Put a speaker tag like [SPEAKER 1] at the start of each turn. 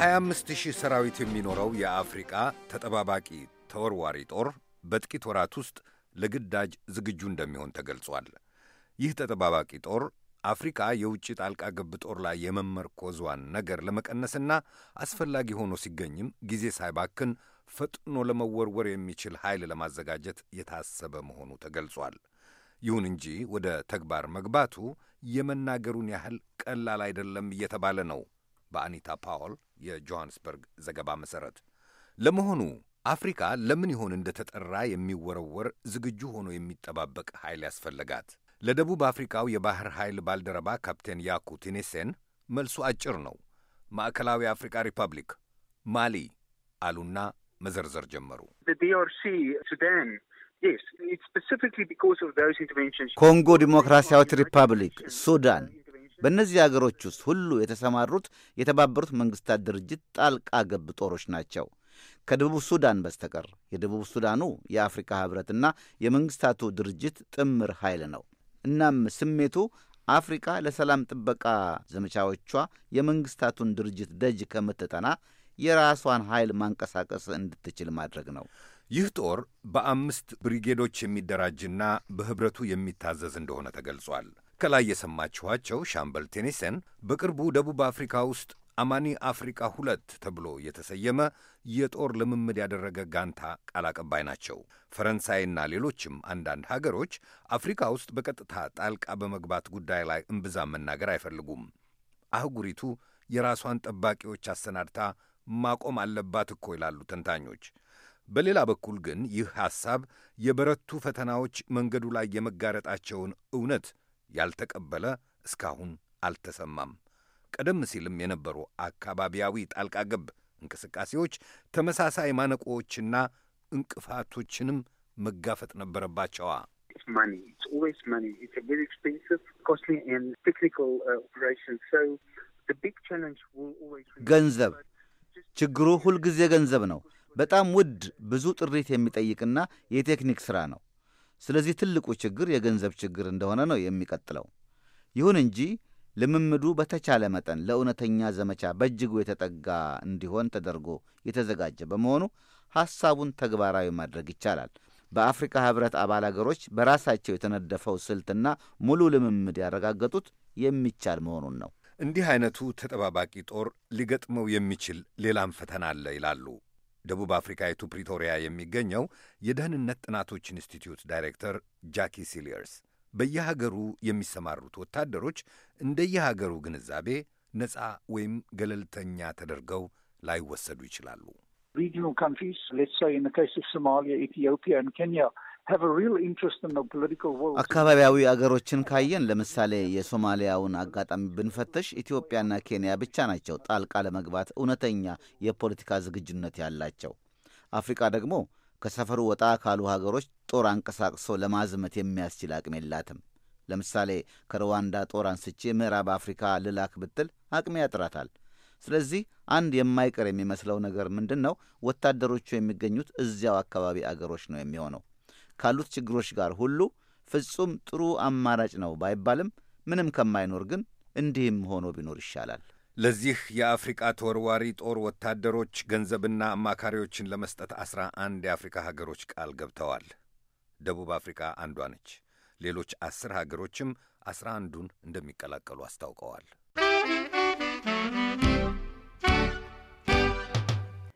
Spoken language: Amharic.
[SPEAKER 1] 25,000 ሺህ ሰራዊት የሚኖረው የአፍሪቃ ተጠባባቂ ተወርዋሪ ጦር በጥቂት ወራት ውስጥ ለግዳጅ ዝግጁ እንደሚሆን ተገልጿል። ይህ ተጠባባቂ ጦር አፍሪካ የውጭ ጣልቃ ገብ ጦር ላይ የመመርኮዟን ነገር ለመቀነስና አስፈላጊ ሆኖ ሲገኝም ጊዜ ሳይባክን ፈጥኖ ለመወርወር የሚችል ኃይል ለማዘጋጀት የታሰበ መሆኑ ተገልጿል። ይሁን እንጂ ወደ ተግባር መግባቱ የመናገሩን ያህል ቀላል አይደለም እየተባለ ነው። በአኒታ ፓውል የጆሃንስበርግ ዘገባ መሠረት። ለመሆኑ አፍሪካ ለምን ይሆን እንደተጠራ የሚወረወር ዝግጁ ሆኖ የሚጠባበቅ ኃይል ያስፈለጋት? ለደቡብ አፍሪካው የባህር ኃይል ባልደረባ ካፕቴን ያኩ ቲኔሴን መልሱ አጭር ነው። ማዕከላዊ አፍሪካ ሪፐብሊክ፣ ማሊ አሉና መዘርዘር ጀመሩ።
[SPEAKER 2] ኮንጎ ዲሞክራሲያዊት ሪፐብሊክ፣ ሱዳን፣ በእነዚህ አገሮች ውስጥ ሁሉ የተሰማሩት የተባበሩት መንግስታት ድርጅት ጣልቃ ገብ ጦሮች ናቸው ከደቡብ ሱዳን በስተቀር። የደቡብ ሱዳኑ የአፍሪካ ህብረትና የመንግስታቱ ድርጅት ጥምር ኃይል ነው። እናም ስሜቱ አፍሪካ ለሰላም ጥበቃ ዘመቻዎቿ የመንግስታቱን ድርጅት ደጅ ከምትጠና የራሷን ኃይል ማንቀሳቀስ እንድትችል ማድረግ ነው። ይህ ጦር
[SPEAKER 1] በአምስት ብሪጌዶች የሚደራጅና በህብረቱ የሚታዘዝ እንደሆነ ተገልጿል። ከላይ የሰማችኋቸው ሻምበል ቴኒሰን በቅርቡ ደቡብ አፍሪካ ውስጥ አማኒ አፍሪካ ሁለት ተብሎ የተሰየመ የጦር ልምምድ ያደረገ ጋንታ ቃል አቀባይ ናቸው። ፈረንሳይና ሌሎችም አንዳንድ ሀገሮች አፍሪካ ውስጥ በቀጥታ ጣልቃ በመግባት ጉዳይ ላይ እምብዛም መናገር አይፈልጉም። አህጉሪቱ የራሷን ጠባቂዎች አሰናድታ ማቆም አለባት እኮ ይላሉ ተንታኞች። በሌላ በኩል ግን ይህ ሐሳብ የበረቱ ፈተናዎች መንገዱ ላይ የመጋረጣቸውን እውነት ያልተቀበለ እስካሁን አልተሰማም። ቀደም ሲልም የነበሩ አካባቢያዊ ጣልቃ ገብ እንቅስቃሴዎች ተመሳሳይ ማነቆዎችና እንቅፋቶችንም መጋፈጥ ነበረባቸዋ።
[SPEAKER 2] uh, ገንዘብ ችግሩ ሁልጊዜ ገንዘብ ነው። በጣም ውድ ብዙ ጥሪት የሚጠይቅና የቴክኒክ ሥራ ነው። ስለዚህ ትልቁ ችግር የገንዘብ ችግር እንደሆነ ነው የሚቀጥለው። ይሁን እንጂ ልምምዱ በተቻለ መጠን ለእውነተኛ ዘመቻ በእጅጉ የተጠጋ እንዲሆን ተደርጎ የተዘጋጀ በመሆኑ ሐሳቡን ተግባራዊ ማድረግ ይቻላል። በአፍሪካ ህብረት አባል አገሮች በራሳቸው የተነደፈው ስልትና ሙሉ ልምምድ ያረጋገጡት የሚቻል መሆኑን ነው። እንዲህ አይነቱ ተጠባባቂ ጦር ሊገጥመው
[SPEAKER 1] የሚችል ሌላም ፈተና አለ ይላሉ ደቡብ አፍሪካዊቱ ፕሪቶሪያ የሚገኘው የደህንነት ጥናቶች ኢንስቲትዩት ዳይሬክተር ጃኪ ሲሊየርስ በየሀገሩ የሚሰማሩት ወታደሮች እንደየሀገሩ ግንዛቤ ነፃ ወይም ገለልተኛ ተደርገው
[SPEAKER 2] ላይወሰዱ ይችላሉ። አካባቢያዊ አገሮችን ካየን ለምሳሌ የሶማሊያውን አጋጣሚ ብንፈተሽ ኢትዮጵያና ኬንያ ብቻ ናቸው ጣልቃ ለመግባት እውነተኛ የፖለቲካ ዝግጁነት ያላቸው። አፍሪቃ ደግሞ ከሰፈሩ ወጣ ካሉ ሀገሮች ጦር አንቀሳቅሶ ለማዝመት የሚያስችል አቅም የላትም። ለምሳሌ ከሩዋንዳ ጦር አንስቼ ምዕራብ አፍሪካ ልላክ ብትል አቅሜ ያጥራታል። ስለዚህ አንድ የማይቀር የሚመስለው ነገር ምንድን ነው? ወታደሮቹ የሚገኙት እዚያው አካባቢ አገሮች ነው የሚሆነው። ካሉት ችግሮች ጋር ሁሉ ፍጹም ጥሩ አማራጭ ነው ባይባልም ምንም ከማይኖር ግን እንዲህም ሆኖ ቢኖር ይሻላል። ለዚህ የአፍሪቃ ተወርዋሪ
[SPEAKER 1] ጦር ወታደሮች ገንዘብና አማካሪዎችን ለመስጠት አስራ አንድ የአፍሪካ ሀገሮች ቃል ገብተዋል። ደቡብ አፍሪካ አንዷ ነች። ሌሎች አስር ሀገሮችም አስራ አንዱን እንደሚቀላቀሉ አስታውቀዋል።